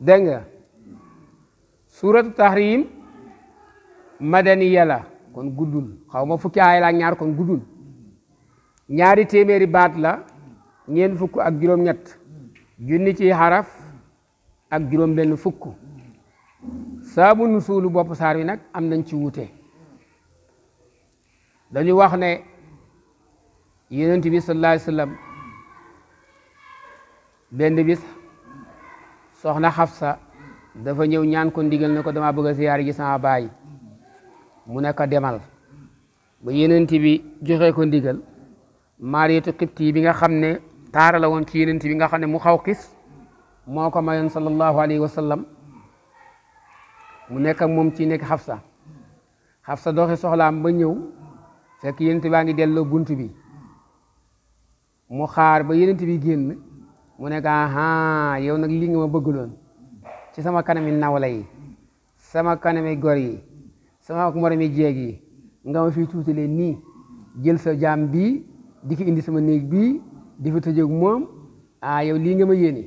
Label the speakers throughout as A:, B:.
A: dégg nga suuratu tahrim madaniya la kon guddul xaw ma fukki aay la ak ñaar kon guddul ñaari téeméeri baat la ñeent fukk ak juróom-ñett junni ci xaraf ak juróom-benn fukk saabu suulu bopp saar wi nag am nañ ci wuute dañu wax ne yonent bi sallallahu alayhi wa sallam benn bis soxna Xafsa dafa ñëw ñaan ko ndigal ne ko dama bëgg a ziyaar ji sama baay mu ne demal ba yenent bi joxe ko ndigal Maariyatu Xibti bi nga xam ne taara la woon ci yenent bi nga xam ne mu xaw xis moo ko mayoon sallallahu alayhi wa sallam mu nekk ak moom ci nekk Xafsa Xafsa doxi soxlaam ba ñëw fekk yenent baa ngi delloo bunt bi mu xaar ba yenent bi génn mu ne ko ah yow nag li nga ma bëggaloon ci sama kanami nawla yi sama kanami gor yi sama moromi jéeg yi nga ma fi tuutalee nii jël sa jaam bi di ko indi sama néeg bi di fa tëjee moom ah yow lii nga ma yéene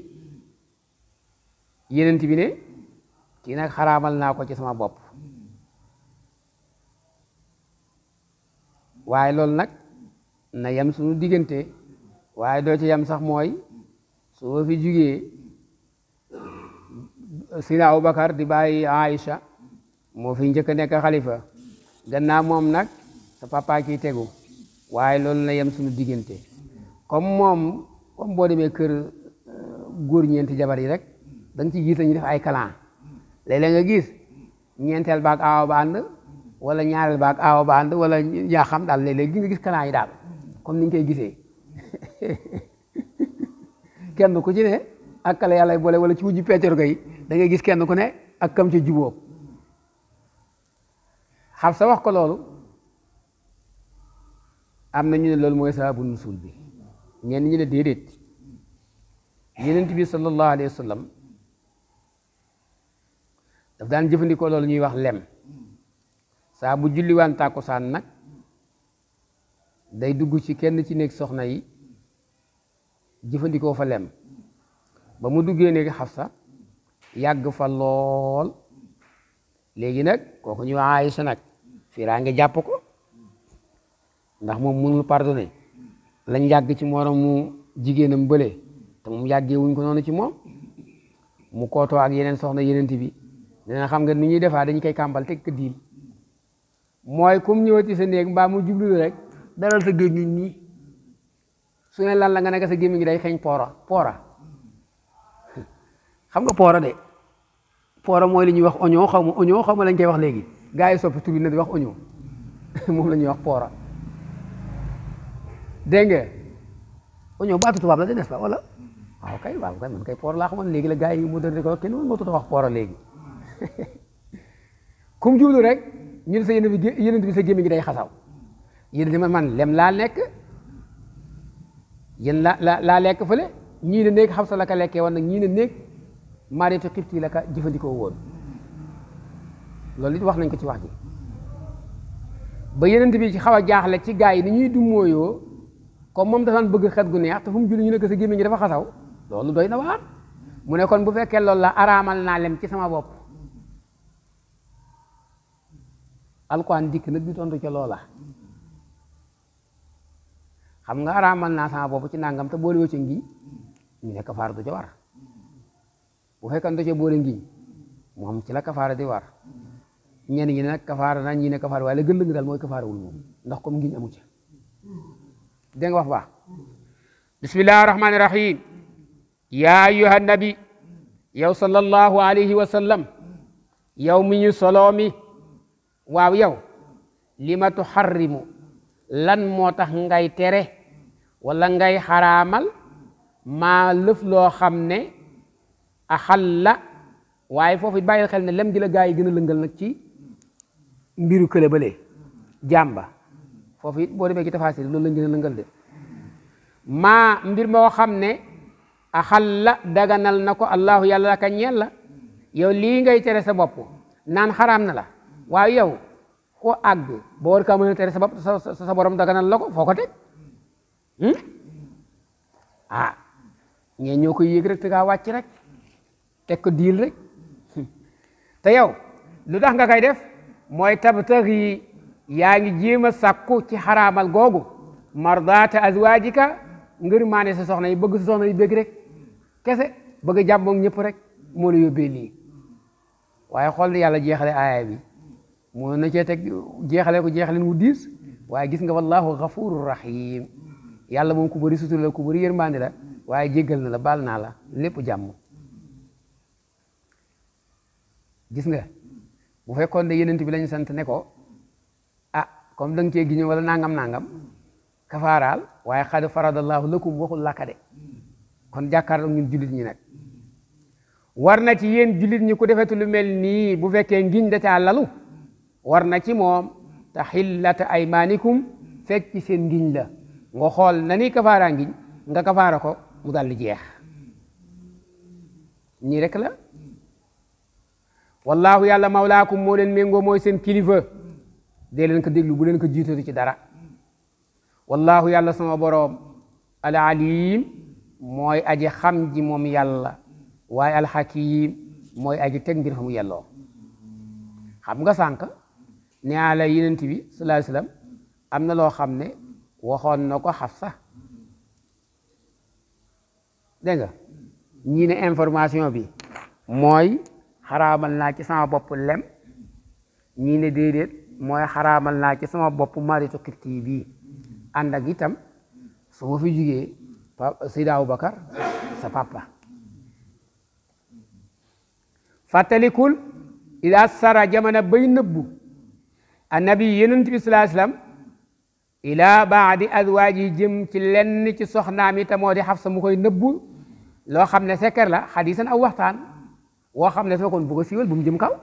A: yéenent bi ne kii nag xaraamal naa ko ci sama bopp waaye loolu nag na yem suñu diggante waaye doo ci yam sax mooy. su ma fi jugee Sina Abubakar di bàyyi Aïcha moo fi njëkk nekk xalifa gannaaw moom nag sa papa tegu waaye loolu la yem suñu diggante comme moom comme boo demee kër euh, góor ñeenti jabar yi rek da nga ci jiital ñu def ay kalan nga gis ñeenteel baag aawa ba ànd wala ñaareel baag aawa ba ànd wala yaa xam daal léeg-léeg gis kalan yi daal comme ni koy gisee kenn ku ci ne ak kale yàlla boole wala ci wujju peccor ko yi da gis kenn ku ne ak kam ci jubóo xaf sa wax ko loolu am na ñu ne loolu mooy sababu nusul bi ñenn ñu ne déedéet yenent bi sallallahu alayhi wa sallam daf daan jëfandikoo loolu ñuy wax lem saa bu julliwaan tàkkusaan nag day dugg ci kenn ci néeg soxna yi jëfandikoo fa lem ba mu duggee néegi Xafsa yàgg fa lool léegi nag kooku ñu Aysa nag firaa ngi jàpp ko ndax moom mënul pardonné lañ yàgg ci mu jigéen jigéenam bële te moom yàggee wuñ ko noonu ci moom mu kootoo ak yeneen soxna yeneen bi dina xam nga ni ñuy defaa dañ koy kàmbal teg ko diim mooy comme ñëwati sa néeg mbaa mu jublu rek dalal sa gémmiñ ñi su ne lan la nga nekk sa gémmiñ ngi day xeeñ poora poora xam nga poora de poora mooy li ñuy wax oignon xaw ma oignon xaw ma lañ koy wax léegi gars yi soppi tur bi na di wax oignon moom la ñuy wax poora dégg nga oignon baatu tubaab la de n'est-ce pas wala waaw kay waaw kay man kay poora laa xamoon léegi la gars yi mu dënd ko kenn mën nga wax poora léegi kum jublu rek ñu ne sa yeneen bi yeneen bi sa gémmiñ gi day xasaw yéen dama man lem laa nekk yéen laa laa lekk fële ñii ne néeg xam sa la ka lekkee woon nag ñii ne néeg maareetu xibti la ka jëfandikoo woon loolu it wax nañ ko ci wax ji ba yenent bi ci xaw a jaaxle ci gaa yi ni ñuy dummóoyoo comme moom dafa bëgg xet gu neex te fu mu julli ñu ne ko sa gémmiñ gi dafa xasaw loolu doy na waar mu ne kon bu fekkee loolu la araamal naa lem ci sama bopp alquran dikk nag di tontu ca loola xam nga araamal naa sama bopp ci nangam te boole wëccëg gi ñu ne kafaar du ca war bu fekkoon da cee boole ngiñ moom ci la kafaara di war ñenn ñi nag kafaara naan ñi ne kafaara waaye la gën lëng daal mooy kafaarawul moom ndax comme amu ci dégg nga wax bismillahi rahmaani rahim yaa ayyuha yow sallallahu alayhi wa sallam yow mi ñu soloo mi waaw yow li ma lan moo tax ngay tere walla ngay xaraamal maa lëf loo xam ne axalla waaye foofu it bàyyil xel ne lem gi la gaa yi gën a lëngal nag ci mbiru kële bële jàmba foofu it boo demee ci tafaasir loolu lañ gën a lëngal de maa mbir moo xam ne axalla daganal na ko allahu yàlla ka ñeel la yow lii ngay tere sa bopp naan xaraam na la waaye yow ko àgg boo war kaa mën a tere sa bopp sa borom daganal la ko foo ko teg hmm? ah ñee ñoo koy yéeg rek te gaa wàcc rek teg ko diil rek te yow lu tax nga koy def mooy tabtax yi yaa ngi jéem a sàkku ci xaraamal googu mardaata azwaajika ngir maane sa soxna yi bëgg sa yi bëgg rek kese bëgg jàmboog ñëpp rek moo la yóbbee waaye xool yàlla jeexale aaya bi moo na cee teg jeexale ko jeexaleen wu diis waaye gis nga wallahu ghafurur rahim yàlla moom ku bëri sutura la ku bëri yërmaande la waaye jéggal na la baal naa la lépp jàmm gis nga bu fekkoon ne yenent bi lañu sant ne ko a ah, comme da nga cee giñu wala nangam nangam kafaaraal waaye xad faradallahu lakum waxul lakkade kon jàkkaarloo ñun jullit ñi nag war na ci yéen jullit ñi ku defetu lu mel nii bu fekkee ngiñ da caa lalu war na ci moom te xillata aymaanikum fekk ci seen ngiñ la nga xool na ni kafaara ngiñ nga kafaara ko mu dal di jeex ñii la wallaahu yàlla mawlaakum moo leen méngoo mooy seen kilifa dee leen ko déglu bu leen ko jiitatu ci dara wallaahu yàlla sama boroom al alim mooy aji xam ji moom yàlla waaye alxakim mooy aji teg mbir fa mu yelloo xam nga sànq ne ala yenent bi sallallahu alayhi am na loo xam ne waxoon na ko Xafsa dégg nga ñii information bi mooy xaraamal naa ci sama bopp lem ñii ne déedéet mooy xaraamal naa ci sama boppu maritu kiptii bii ànd ak itam su ma fi jugee Seydi Abubakar sa papa fàttalikul ila sara jamono bay nëbbu annabi yonent bi sallallahu alayhi wasallam ila baadi azwaaj yi jëm ci lenn ci soxnaam yi moo di Xafsa mu koy nëbbu loo xam ne sekker la xadisan aw waxtaan woo xam ne su fekkoon bu ko siiwal bu mu jëm kaw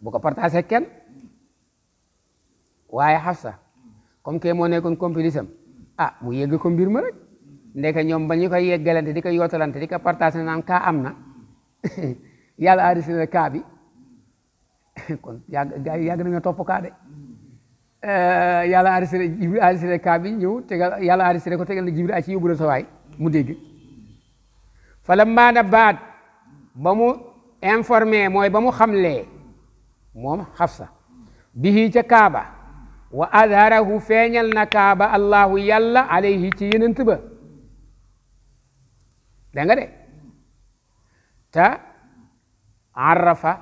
A: bu ko partagé kenn waaye Hafsa comme que moo nekkoon complice am ah mu yegg ko mbir ma rek ndeke ñoom ba ñu koy yeggalante di ko yootalante di ko partagé naan kaa am na yàlla aarisi na kaa bi kon yàgg gars yàgg nañoo topp kaa de eh, yàlla aarisi na jibril aarisi na kaa bi ñëw tegal yàlla aarisi ko tegal na jibril a ci yóbbu na sa waay mu dégg falammaa nabaat ba mu informé mooy ba mu xamlee moom Xafsa bi ca Kaaba wa azharahu feeñal na Kaaba allahu yàlla alayhi ci yenant ba da nga de te arrafa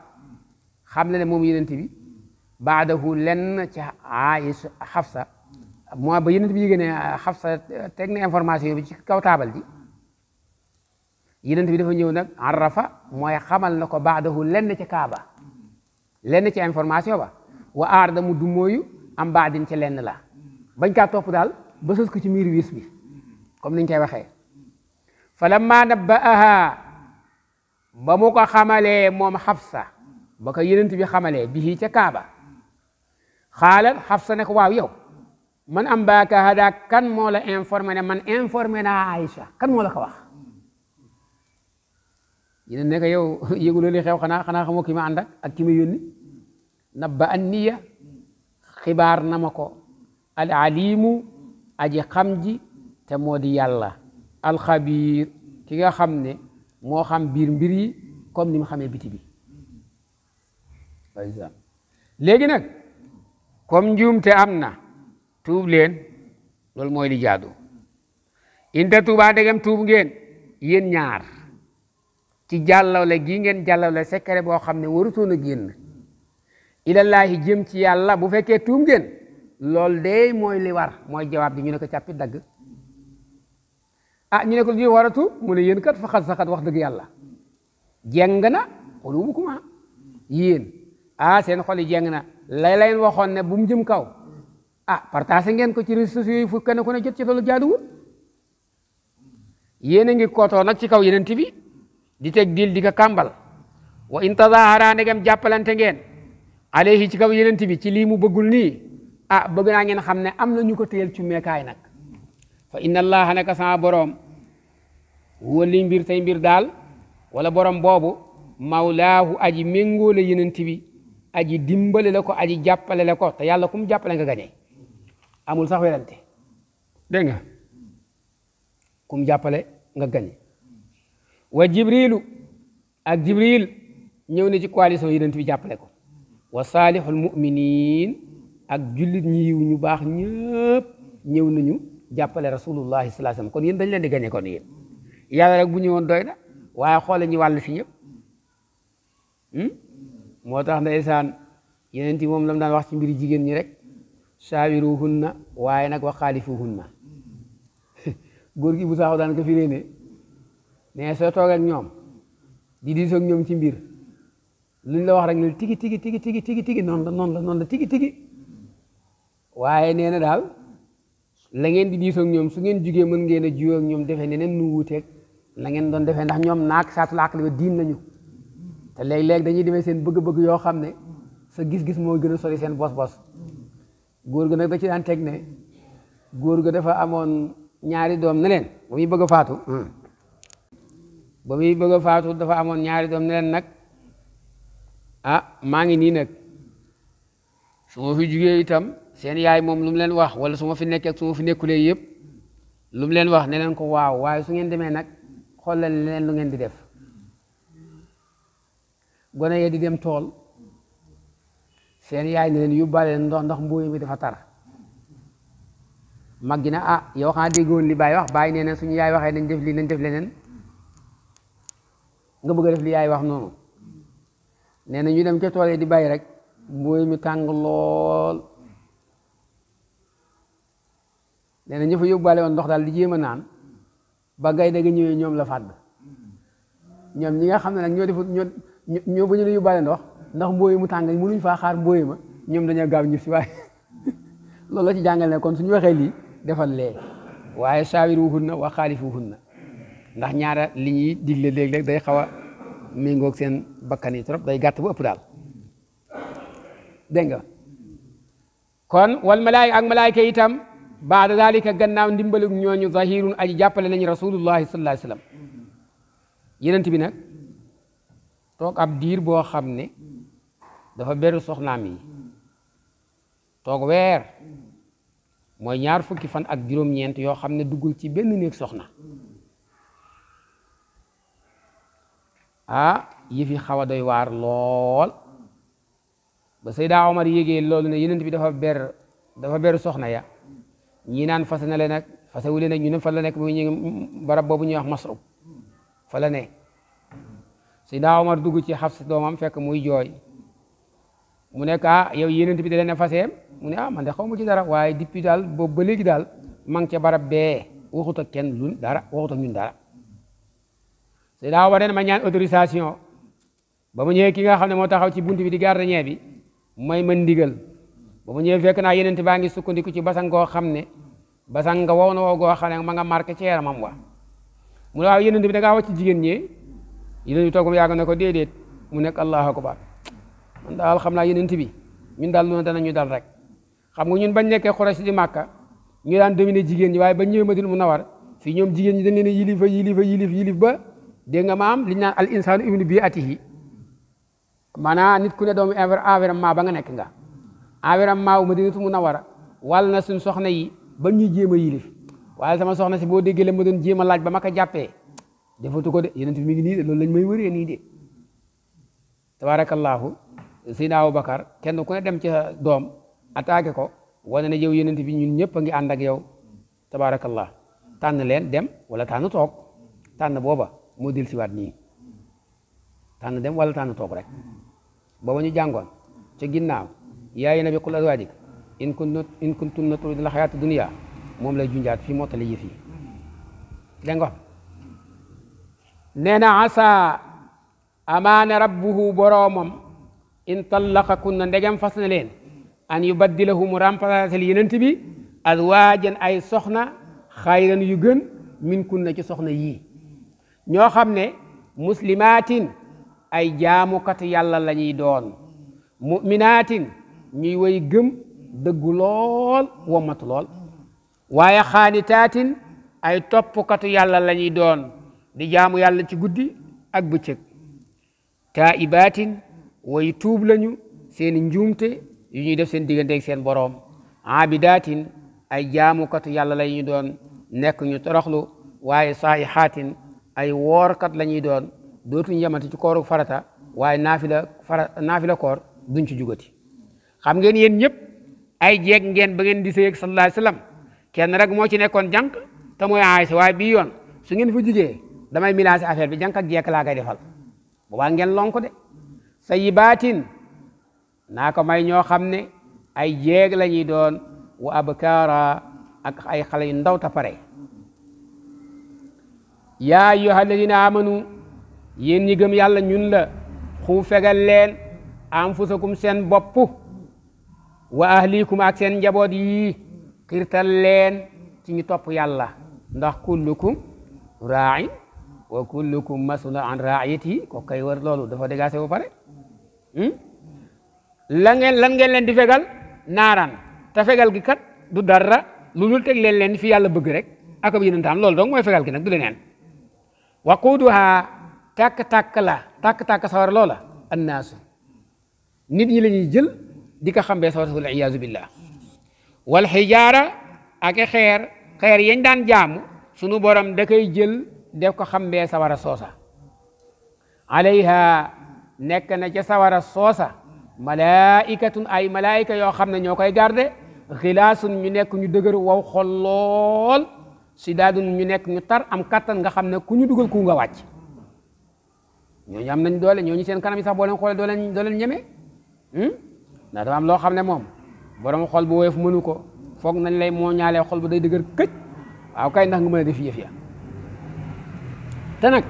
A: xam le ne moom yenant bi baadahu lenn ca Aïcha Xafsa moo ba yenant bi yégée ne Xafsa teg na information bi ci kaw taabal yonent bi dafa ñëw nag arrafa mooy xamal na ko baadahu lenn ci kaaba lenn ci information ba wa aarda mu dumóoyu am baadin ci lenn la bañ kaa topp daal ba sës ko ci miir wiis bi comme niñ koy waxee fa lamma nabbaaha ba mu ko xamalee moom xafsa ba ko yonent bi xamalee bihi ca kaaba xaalat xafsa ne ko waaw yow man am baaka hada kan moola la ne man informé naa Aïcha kan moo la ko wax yéen ne ko yow yëguloo li xew xanaa xanaa xamoo ki ma ànd ak ki ma yónni nabba an niya xibaar na ma ko al alimu aji xam ji te moo di yàlla alxabiir ki nga xam ne moo xam biir mbir yi comme ni mu xamee biti bi léegi nag comme njuumte am na tuub leen loolu mooy li jaadu inte tuubaa degam tuub ngeen yéen ñaar ci jàllawle gii ngeen jàllawle secret boo xam ne warutoon a génn ilallaahi jëm ci yàlla bu fekkee tuum ngeen loolu de mooy li war mooy jawaab bi ñu ne ko càppi dagg ah ñu ne ko li waratu mu ne yéen kat fa xat saxat wax dëgg yàlla jeng na xulubukum yéen ah seen xol yi jeng na lay leen waxoon ne bu mu jëm kaw ah partagé ngeen ko ci réseaux sociaux yi fu ne jot ci loolu jaaduwul yéen a ngi kootoo nag ci kaw yeneen bi di teg dil di ko kàmbal wa in tazahara ndegam jàppalante ngeen alayhi ci kaw yenent bi ci lii mu bëggul nii ah bëgg naa ngeen xam ne am na ñu ko téyel ci meekaay nag fa inna allaha naka sama boroom huwa li mbir tey mbir daal wala borom boobu mawlaahu aji méngoo la yenent bi aji dimbale la ko aji jàppale la ko te yàlla ku mu jàppale nga gañe amul sax werante dégg nga ku jàppale nga gañe wa jibrilu ak jibril ñëw na ci coalition yonent bi jàppale ko wa saalihul muminin ak jullit ñi yiw ñu baax ñëpp ñëw nañu jàppale rasulullahi sallallahu alayhi wasallam kon yéen dañ leen di gañe kon yéen yàlla rek bu ñëwoon doy na waaye xoole ñi wàll fi ñëpp hmm? moo tax ndeysaan yeneen yi moom lam daan wax ci mbiri jigéen ñi rek saawiruhunna waaye nag wa xaalifuhunna góor gi bu saaxu daan ko fi mais soo toog ak ñoom di diisoo ñoom ci mbir luñ la wax rek ne tigi tigi tigi tigi tigi tigi noonu la noonu la noonu la tigi tigi waaye nee na daal la ngeen di diisoo ñoom su ngeen jugee mën ngeen a juyoo ñoom defee neneen nu wuuteeg la ngeen doon defee ndax ñoom naak saatu laak la diin nañu te léeg-léeg dañuy demee seen bëgg-bëgg yoo xam ne sa gis-gis moo gën a sori seen bos-bos góor ga nag da ci daan teg ne góor ga dafa amoon ñaari doom ne leen ba muy bëgg a ba muy bëgg a faatu dafa amoon ñaari doom ne leen nag a ah, maa ngi nii nag su ma fi jugee itam seen yaay moom lu mu leen wax wala su ma fi nekkee ak su ma fi nekkulee yëpp lu leen wax ne ko waaw waaye su ngeen demee nag xoolal leen lu ngeen di def gone yee di dem tool seen yaay ne leen yóbbaale leen ndox ndox mbóoy mi dafa tar mag gi na ah yow xanaa déggoon li baay wax baay nee na suñu yaay waxee nañ def lii nañ def leneen nga bëgg a def li yaay wax noonu nee na ñu dem ca tool yi di bàyyi rek mbooy mu tàng lool nee na fa yóbbaale woon ndox daal di jéem a naan ba gay da ñëwee ñoom la fàdd ñoom ñi nga xam ne nag ñoo defut ñoo ñoo ba ñu la yóbbaale ndox ndax mbooy mu tàng mënuñ faa xaar mbooy ma ñoom dañoo gaaw ñib si waaye loolu la ci jàngale ne kon suñu waxee lii defal lee waaye saawir wuhun na wa xaalif wuhun na ndax ñaara li ñuy digle léeg-léeg day xaw a méngoog seen bakkan yi trop day gàtt bu ëpp daal dégg nga kon wal malaay ak malaayka itam baada dalika gannaaw ndimbalug ñooñu zahirun aji jàppale nañu rasulullahi sallallahu alayhi wasallam yenent bi nag toog ab diir boo xam ne dafa beru soxnaam yi toog weer mooy ñaar fukki fan ak juróom-ñeent yoo xam ne duggul ci benn néeg soxna ah yëf yi xaw a doy waar lool ba Seyda Omar yéegee loolu ne yeneen bi dafa ber dafa ber soxna ya ñi naan fas na leen ak fasawu leen ak ñu ne fa la nekk muy ñu barab boobu ñuy wax masru fa la ne Seyda Omar dugg ci Xafsa doomam fekk muy jooy mu nekk ah yow yeneen bi da leen a fase mu ne ah man de xaw ma ci dara waaye depuis daal boobu ba léegi daal maa ngi ca barab bee waxut ak kenn lu dara waxut ak ñun dara Seydina Omar nee ma ñaan autorisation ba mu ñee ki nga xam ne moo taxaw ci buntu bi di gardien bi may ma ndigal ba mu ñëwee fekk naa yeneen baa ngi sukkandiku ci basan goo xam ne basan nga wow na wow goo xam ne ma nga marqué ci yaramam wa mu ne waaw yeneen bi da ngaa wàcc jigéen ñi yeneen bi toog mu yàgg na ko déedéet mu nekk allahu akbar man daal xam naa yeneen bi ñun daal loolu danañu dal rek xam nga ñun bañ nekkee Quraysh di Màkka ñu daan dominer jigéen ñi waaye bañ ñëwee Madina Munawwara fii ñoom jigéen ñi dañ leen a yilif yilif yilif yilif ba dégg nga maam li ñu naan al insaanu ibnu bi atihi maanaam nit ku ne doomu environnement ba nga nekk nga environnement wu madinatu munawara wàll na suñ soxna yi ba ñuy jéem a yilif waaye sama soxna si boo déggee la ma doon laaj ba ma ko jàppee defatu ko de yeneen mi ngi nii de loolu lañ may wëree nii de tabaarakallaahu Seydina Abubakar kenn ku dem ca doom attaqué ko wane na yow yeneen bi ñun ñëpp a ngi ànd ak yow tabaarakallah tànn leen dem wala tànn toog tànn booba. moo dellu siwaat nii tànn dem wala tànn toog rek booba ñu jàngoon ca ginnaaw yaayi nabi qul azwaajik in kuntu in kuntunna turidna al xayaata dunya moom lay junjat fii mottali yëf yi fi nga nee na asa amaane rabbuhu boroomam in tallaqakunna ndegem fas na leen an yubaddilahu mu remplacer yenent bi azwaajan ay soxna xayran yu gën min kunna ci soxna yii ñoo xam ne muslimaatin ay jaamukat yàlla la ñuy doon muminaatin ñuy woy gëm dëggu lool womatu lool waaye xaanitaatin ay toppkatu yàlla la ñuy doon di jaamu yàlla ci guddi ak bëccëg taa'ibaatin way tuub lañu seen njuumte yu ñuy def seen digganteeg seen boroom aabidaatin ay jaamukatu yàlla la ñuy doon nekk ñu toroxlu waaye saayixaatin ay woorkat la ñuy doon dootuñ yemati ci kooru farata waaye naafila fara naafila kor duñ ci jugati xam ngeen yéen ñëpp ay jeeg ngeen ba ngeen di sëy ak sallallahu alayhi wasallam kenn rek moo ci nekkoon jànq te mooy yoon su ngeen fa jugee damay milancé affaire bi jànq ak jeeg laa koy defal boobaa ngeen lonk de sa yibaatin naa ko may ñoo xam ne ay jeeg la doon wa abkaara ay xale yu ndaw ta pare yaa ayyuha alladina amanu yéen ñi gëm yàlla ñun la xu fegal leen anfusakum seen bopp wa ahlikum ak seen njaboot yi xirtal leen ci ñu topp yàlla ndax kullukum raain wa kullukum masula an raayati ko kay war loolu dafa dégacé ba pare hmm? la ngeen lan ngeen leen di fegal naaraan te fegal gi kat du dara lu dul teg len leen fi yàlla bëgg rek ak ab yénantaan loolu donc mooy fegal gi nag du leneen waquuduha tàkk-tàkk la tàkk-tàkk sawara loola annaasu nit ñi la jël di ko xambee sawara wal iyaazu billah ak xeer xeer yañ daan jaamu sunu borom da koy jël def ko xambee sawara soosa alayha nekk na ca sawara soosa malaikatun ay malaayika yoo xam ne ñoo koy garde xilaasun ñu nekk ñu dëgër waw xol lool si daadun ñu nekk ñu tar am kattan nga xam ne ku ñu dugal ku nga wàcc ñooñu am nañ doole ñu seen kanam yi sax boo leen xoolee doo leen ñeme hmm? ndax dafa am loo xam ne moom borom xol bu woyof mënu ko foog nañ lay moo ñaale xol day dëgër këj waaw kay ndax nga mën a def yëf ya te nag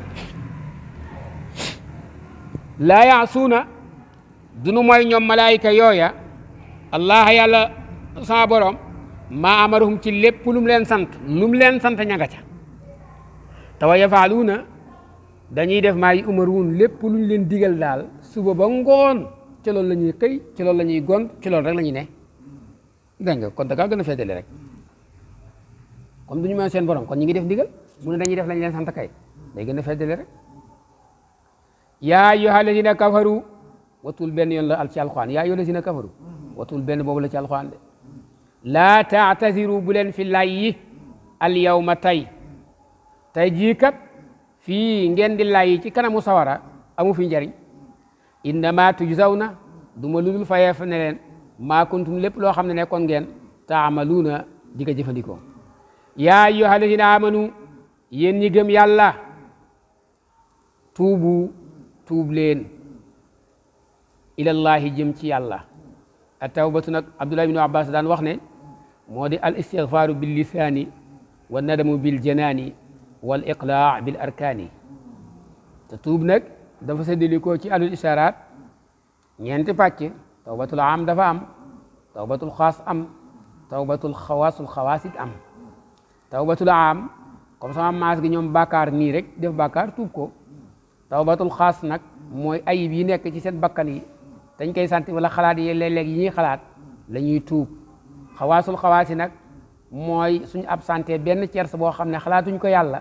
A: laa yaasuuna dunu mooy ñoom malaayika yooya allah yàlla sa borom maa amaruhum ci lépp lum leen sant lu leen sant ña nga ca te wa yafaaluuna dañuy def maa yi umaruun lépp lu ñu leen digal daal subo ba ngoon ci loolu la ñuy xëy ci loolu la ñuy gont ci rek la ñuy ne dégg kon ta kaa gën a rek comme du ñu mën seen borom kon ñu ngi def ndigal mu ne dañuy def lañ leen sant kay day gën a féetale rek yaa ayyuhal lazina kafaru watul benn yoon la al ci alxuraan yaa ayyuhal benn boobu la ci de laa taatasiru bu leen fi layyi al yawma tey tey jii kat fii ngeen di layyi ci kanamu sawara amu fi njariñ innama tujzawna du ma ludul fayeef ne leen maa kuntum lépp loo xam ne nekkoon ngeen taamaluuna di ko jëfandikoo yaa ayyuha alladina amanu yéen ñi gëm yàlla tuubu tuub leen ilallahi jëm ci yàlla at tawbatu nag abdullahi ibnu abbas daan wax ne moo di al istigfaaru bil lisaani wa nadamu bil janaani wal iqlaa bi arkaani te tuub nag dafa séddalikoo ci alul ishaaraat ñeenti pàcc tawbatul am dafa am tawbatul xaas am tawbatul xawaasul xawaasit am tawbatul am comme sama maas gi ñoom bàkkaar nii rek def bàkkaar tuub ko tawbatul xaas nag mooy ayib yi nekk ci seen bakkan yi dañ koy sant wala xalaat yi léeg-léeg yi ñuy xalaat la ñuy tuub xawaasul xawaasi nag mooy suñu absenté benn cers boo xam ne xalaatuñ ko yàlla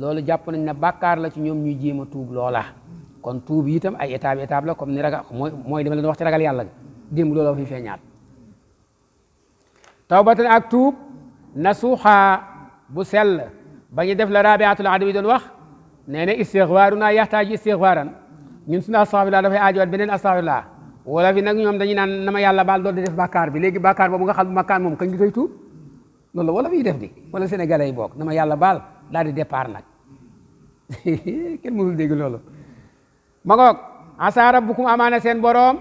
A: loolu jàpp nañ ne bàkkaar la ci ñoom ñuy jéem a tuub loola kon tuub yi ay étape étape la comme ni ragal mooy mooy dama leen wax ci ragal yàlla ga démb looloo fi feeñaat tawbatan ak tuub nasuuxa bu sell ba ñu def la rabiatul adawi doon wax nee na istixfaaru naa yaxtaaju istixfaaran ñun suñu astafirlaa dafay aajowaat beneen astafirlaa wala fi nag ñoom dañuy naan na ma yàlla baal doon di def bàkkaar bi léegi bàkkaar boobu nga xam makkaan moom kañ gi tuub loolu la wala fiy def di wala sénégalais yi bokk na ma yàlla baal daal di départ nag kenn mënul dégg loolu ma ngoog asa rabbukum amaana seen boroom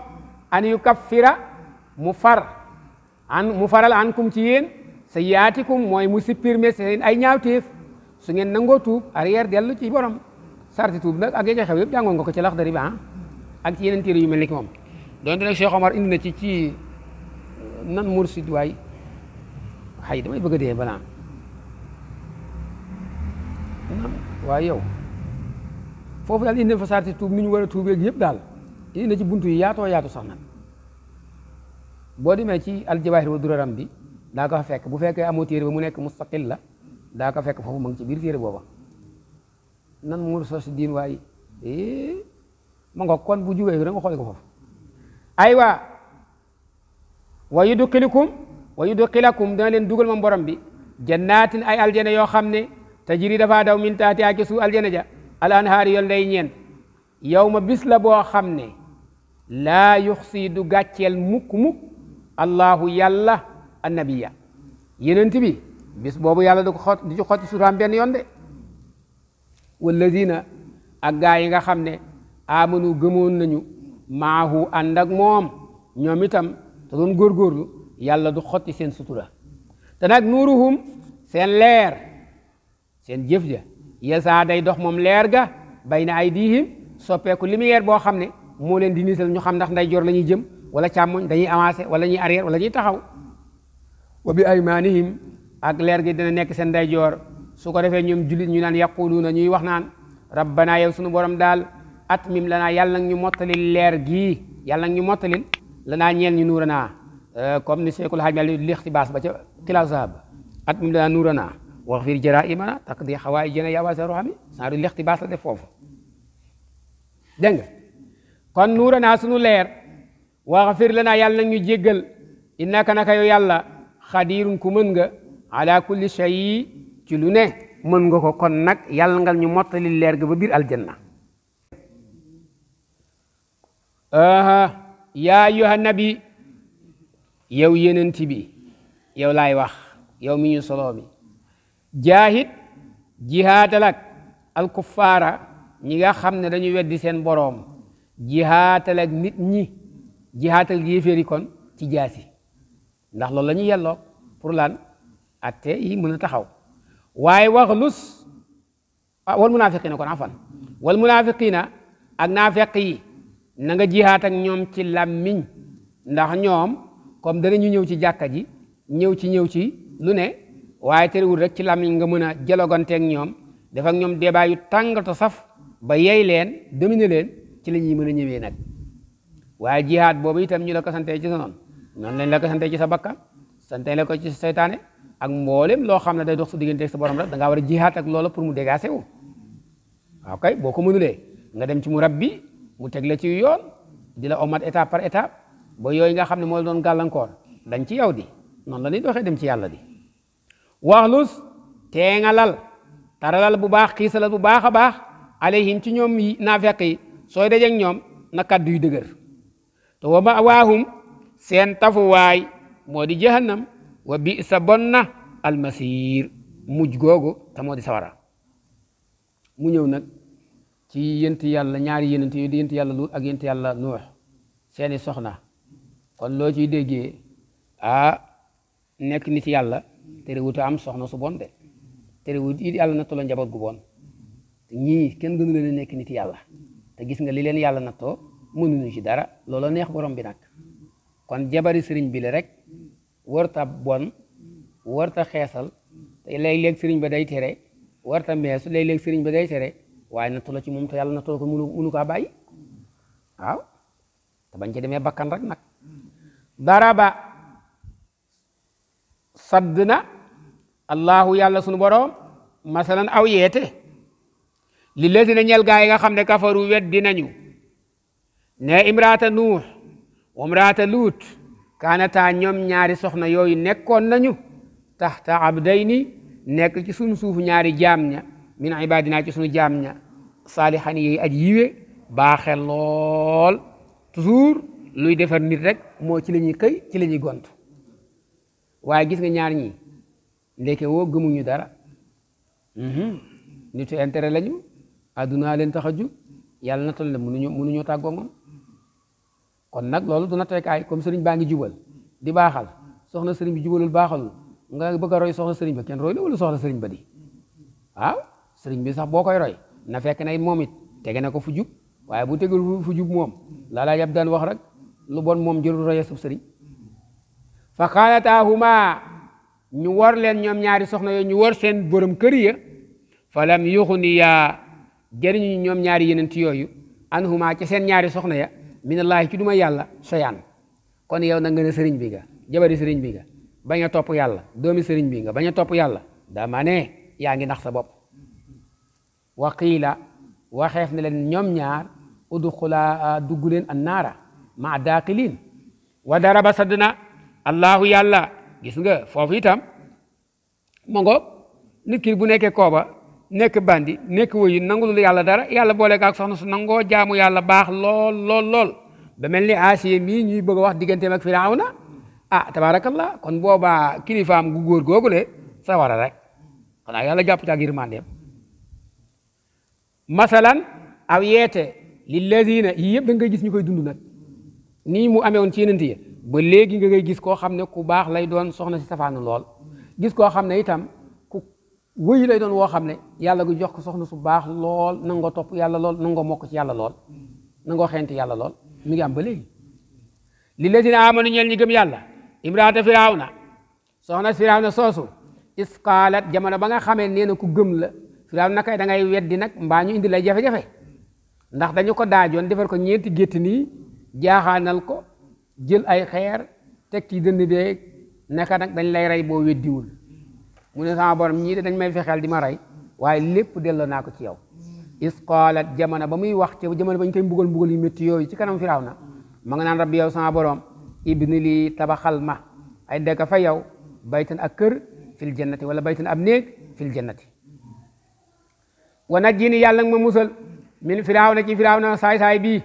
A: an yukaffira mu far an mu faral an ankum ci yéen sa yaati yaatikum mooy mu supprimé seen ay ñaawteef su ngeen nangoo tuub arrière dellu ci borom sarti tuub nag ak ya ca xew yëpp jàngoon nga ko ci lax dari ba ah, ak ci yeneen téere yu mel ni ki doon nag Cheikh Omar indi na ci ci nan mursid waay xay damay bëgg a dee banaan nan waaye yow foofu daal indi na fa sarti tuub ni ñu war a tuubeeg yëpp daal indi na ci buntu yi yaatoo yaatu sax nag boo demee ci aljawaahir wa duraram bi daa ko fekk bu fekkee amoo téere ba mu nekk mustaqil la daa ko fekk foofu mu ngi ci biir téere booba nan mursid diin waay eh, ma nga kon bu jugee da nga xool ko foofu aywa wa yudxilukum wa yudxilakum dana leen dugal moom borom bi jannaatin ay aljana yoo xam ne tajiri dafa daw min taati ak ci suuf aljana ja al anhaari yoon lay ñeen yow ma bis la boo xam ne la yuxsi du muk mukk mukk allahu yàlla annabiya yenent bi bis boobu yàlla du ko xot du ci xotti suuraam benn yoon de wallazina ak gaa yi nga xam ne amanu gëmoon nañu maahu ànd ak moom ñoom itam te doon góorgóorlu yàlla du xotti seen sutura te nag nuuruhum seen leer seen jëf ja yasaa day dox moom leer ga bay na ay diihim soppeeku lumière boo xam ne moo leen di niital ñu xam ndax nday jor la ñuy jëm wala càmmoñ dañuy avancé wala ñuy arrière wala ñuy taxaw wa bi aymanihim ak leer gi dina nekk seen ndeyjoor su ko defee ñoom jullit ñu naan yaquluuna ñuy wax naan rabbana yow sunu borom daal at mim lanaa yàlla ñu mottalil leer gii yàlla ñu mottalil lanaa ñeel ñu nuura na euh, comme ni Cheikhul Hadj Malick li ixtibaas ba ca Tilaaw Zahab at mim lanaa nuura naa wax fir jaraa'imana taqdi hawaa'ijana yaa waasi'a rahmi saaru li ixtibaas la def foofu dégg kon nuura naa sunu leer wax fir lanaa yàlla ñu jéggal innaka naka yow yàlla xadiirun ku mën nga ala kulli shay ci lu ne mën nga ko kon nag yàlla ngal ñu mottali leer ga ba biir aljanna yaa ayyuhan nabi yow yenent bi yow laay wax yow mi ñu soloo mi jaahit jihaatalak alkuffaara ñi nga xam ne dañu weddi seen boroom jihaatalak nit ñi jihaatal yéeféeri kon ci jaasi ndax loolu la ñu yelloo pour lan atte yi mën a taxaw waaye wax lus ah, wal munaafiqiina kon afan wal munaafiqiina ak naafeq na nga jihaat ak ñoom ci làmmiñ ndax ñoom comme danañu ñëw ci jàkka ji ñëw ci ñëw ci lu ne waaye terewul rek ci làmmiñ nga mën a jaloganteeg ñoom def ak ñoom débat yu tàngata saf ba yey leen dominer leen ci la ñuy mën a ñëwee nag waaye jihaat boobu itam ñu la ko santee ci sa noon noonu lañ la ko santee ci sa bakkan santee la ko ci seytaane ak mboolem loo xam ne day dox su digganteeg sa borom rek da ngaa war a jihaat ak pour mu dégaase wu boo ko mënulee nga dem ci mu rab bi mu teg la ci yoon di la omat étape par étape ba yooyu nga xam ne mooy doon gàllankoor dañ ci yow di noonu la ñuy doxee dem ci yàlla di waxlus teengalal taralal bu baax xiisalal bu baax a baax alayhim ci ñoom naafeq yi sooy dajeek ñoom na kaddu yu dëgër te wa mawaahum seen tafuwaay moo di jahannam wa bi sa bon na almasir mujj googu te moo di sawara mu ñëw ci yent yàlla ñaari yenent yooyu di yent yàlla luut ak yent yàlla nuux seeni soxna kon loo ciy déggee ah nekk nit yàlla terewut am soxna su bon de terewut it yàlla nattoo la njaboot gu bon ñii kenn gënu leen a nekk nit yàlla te gis nga li leen yàlla nattoo mënuñu ci dara looloo neex borom bi nag kon jabari sëriñ bi la rek warta bon warta xeesal te léeg-léeg sëriñ ba day tere warta meesu léeg-léeg sëriñ ba day tere waaye nattu la ci moom te yàlla nattu la ko mënu kaa bàyyi waaw te bañ ci demee bakkan rek nag daraba sadd na allahu yàlla sunu borom masalan aw yeete li lazina ñel gaa yi nga xam ne kafaru weddi nañu ne imraata nuux wamraata luut kaanataa ñoom ñaari soxna yooyu nekkoon nañu taxta abdayni nekk ci sunu suufu ñaari jaam ña min ibadina ci sunu jaam ña saalihan yi aj yiwe baaxe lool toujours luy defar nit rek moo ci la ñuy xëy la ñuy gont waaye gis nga ñaar ñi ndeke woo gëmuñu dara mhm. nitu intérêt lañu àdduna leen tax a jug yàlla natal la mënuñu mënuñoo tàggoo moom kon nag loolu du natteekaay comme sëriñ baa ngi jubal di baaxal soxna seriñ bi jubalul baaxalul nga bëgg a roy soxna sëriñ ba kenn roy la wala soxna sëriñ ba di waaw sëriñ bi sax boo koy roy na fekk nay moom it tege na ko fu jub waaye bu tegul fu jub moom laa laa daan wax rek lu bon moom jëlul roye sub sëriñ fa xaalataahuma ñu war leen ñoom ñaari soxna yooyu ñu war seen borom kër ya fa lam yuxniyaa jëriñu ñoom ñaari yenent yooyu anhuma ci seen ñaari soxna ya minallaahi ci duma yàlla soyaan kon yow na nga ne sëriñ bi nga jabari sëriñ bi nga bañ a topp yàlla doomi sëriñ bi nga bañ a topp yàlla dama ne yaa ngi nax sa bopp wa qiila waxeef ne leen ñoom ñaar udxula dugg leen an naara ma daaqilin wa daraba sadna allahu yàlla gis nga foofu itam ma ngoog bu nekkee kooba nekk bandi nekk wëyu nangulul yàlla dara yàlla boole gaak soxna su nangoo jaamu yàlla baax lool lool ba mel ni Aasiya mii ñuy bëgg a wax digganteem ak Firawna ah tabaarakallah kon boobaa kilifaam gu góor googule sa war a rek xanaa yàlla jàpp ci ak masalan aw yeete lillazina yii yëpp da nga koy gis ñu koy dund nag nii mu amee woon ci yeneen ba léegi nga ngay gis koo xam ne ku baax lay doon soxna si safaanu lool gis koo xam ne itam ku wëyu lay doon woo xam ne yàlla gu jox ko soxna su baax lool nangoo topp yàlla lool nangoo mokk ci yàlla lool nangoo xeenti yàlla lool mi ngi am ba léegi lillazina amanu ñeel ñi gëm yàlla imraata firawna soxna firawna soosu isqaalat jamono ba nga xamee nee na ku gëm la su daal nakay da ngay weddi nag mbaañu ñu indi lay jafe-jafe ndax dañu ko daajoon defar ko ñeenti gétti nii jaaxaanal ko jël ay xeer teg ci dënn beeg naka nag dañ lay rey boo weddiwul mu ne sama borom ñii de dañ may fexeel di ma rey waaye lépp delloo naa ko ci yow is qaalat jamono ba muy wax ci jamono ba ñu buggol mbugal mbugal yu métti yooyu ci kanam firaaw na ma nga naan rabbi yow sama borom ibni lii tabaxal ma ay dëkk fa yow baytan ak kër fil jannati wala baytan ab néeg fil jannati wa najjini yàlla nga ma musal min firawna ci firawna saay-saay bii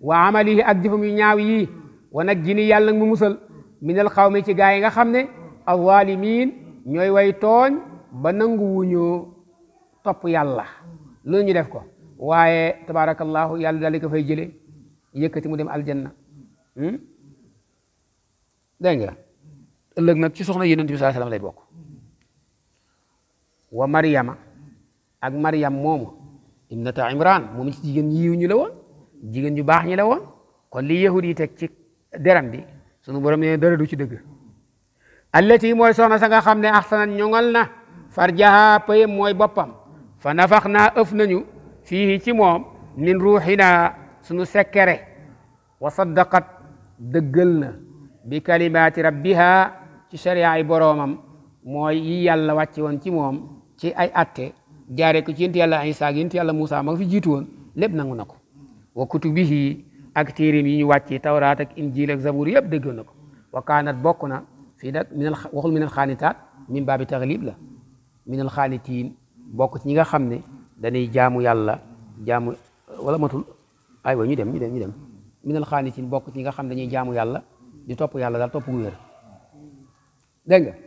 A: wa amalihi ak jëfam yu ñaaw yi wa najjini yàlla nga ma musal min al xawmi ci gaa yi nga xam ne azalimin ñooy way tooñ ba nanguwuñu topp yàlla lu ñu def ko waaye tabarakallahu yàlla daal di ko fay jële yëkkati mu dem aljanna hmm? dégg nga ëllëg nag ci soxna yonent bi sallallahu alayhi wasallam bokk wa Maryama ak Maryam moomu ibnata Imran moom ci jigéen ñi yiw ñu la woon jigéen ñu baax ñi la woon kon li yahud yi teg ci bi sunu borom nee dara du ci dëgg allati mooy soxna sa nga xam ne ahsanat ñoŋal na farjaha payam mooy boppam fa nafax naa ëf fii ci min ruuxinaa sunu sekkere wa saddaqat dëggal na bi kalimaati rabbiha ci sharia yi boroomam mooy yi yàlla wàcce woon ci moom ci ay atte jaare ko ci yonent yàlla Isaa ak yonent yàlla Muusaa ma nga fi jiitu woon lépp nangu na ko wa kutubihi ak téeréem yi ñu wàccee tawraat ak injil ak zabur yëpp déggoon na ko wa kaanat bokk na fii nag minal waxul minal xaanitaat min baabi taxlib la minal xaanitiin bokk ci ñi nga xam ne dañuy jaamu yàlla jaamu wala matul aywa ñu dem ñu dem ñu dem minal xaanitiin bokk ci ñi nga xam ne dañuy jaamu yàlla di topp yàlla daal topp gu